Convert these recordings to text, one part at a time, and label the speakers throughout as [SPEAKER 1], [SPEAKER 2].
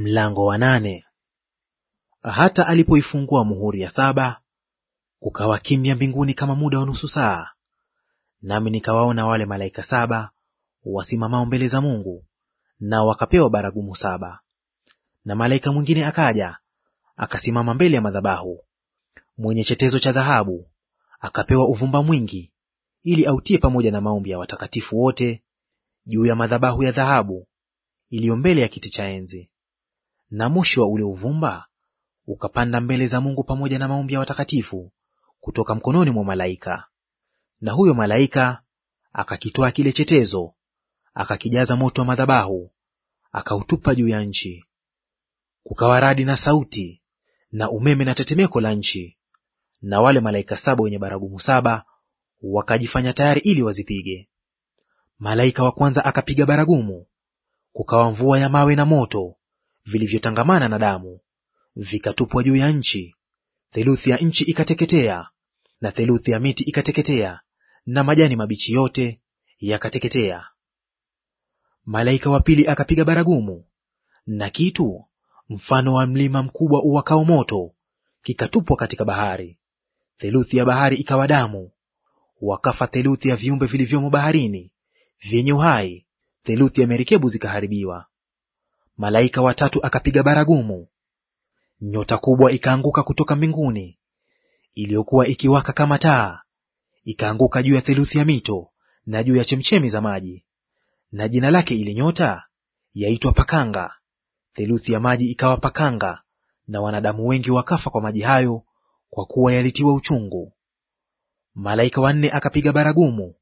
[SPEAKER 1] Mlango wa nane. Hata alipoifungua muhuri ya saba, kukawa kimya mbinguni kama muda wa nusu saa. Nami nikawaona wale malaika saba wasimamao mbele za Mungu, nao wakapewa baragumu saba. Na malaika mwingine akaja akasimama mbele ya madhabahu, mwenye chetezo cha dhahabu, akapewa uvumba mwingi, ili autie pamoja na maombi ya watakatifu wote juu ya madhabahu ya dhahabu iliyo mbele ya kiti cha enzi na moshi wa ule uvumba ukapanda mbele za Mungu pamoja na maombi ya watakatifu kutoka mkononi mwa malaika. Na huyo malaika akakitoa kile chetezo, akakijaza moto wa madhabahu, akautupa juu ya nchi. Kukawa radi na sauti na umeme na tetemeko la nchi, na wale malaika saba wenye baragumu saba wakajifanya tayari ili wazipige. Malaika wa kwanza akapiga baragumu, kukawa mvua ya mawe na moto vilivyotangamana na damu, vikatupwa juu ya nchi; theluthi ya nchi ikateketea, na theluthi ya miti ikateketea, na majani mabichi yote yakateketea. Malaika wa pili akapiga baragumu, na kitu mfano wa mlima mkubwa uwakao moto kikatupwa katika bahari. Theluthi ya bahari ikawa damu, wakafa theluthi ya viumbe vilivyomo baharini vyenye uhai, theluthi ya merikebu zikaharibiwa malaika watatu akapiga baragumu, nyota kubwa ikaanguka kutoka mbinguni iliyokuwa ikiwaka kama taa, ikaanguka juu ya theluthi ya mito na juu ya chemchemi za maji. Na jina lake ile nyota yaitwa Pakanga. Theluthi ya maji ikawa pakanga, na wanadamu wengi wakafa kwa maji hayo, kwa kuwa yalitiwa uchungu. Malaika wanne akapiga baragumu,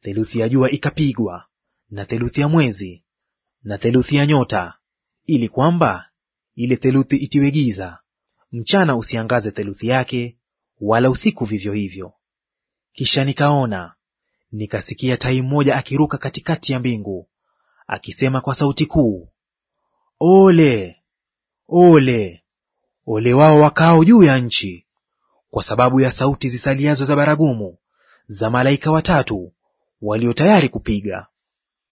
[SPEAKER 1] theluthi ya jua ikapigwa, na theluthi ya mwezi, na theluthi ya nyota, ili kwamba ile theluthi itiwe giza, mchana usiangaze theluthi yake, wala usiku vivyo hivyo. Kisha nikaona nikasikia tai mmoja akiruka katikati ya mbingu, akisema kwa sauti kuu, Ole, ole, ole wao wakao juu ya nchi, kwa sababu ya sauti zisaliazo za baragumu za malaika watatu walio tayari kupiga.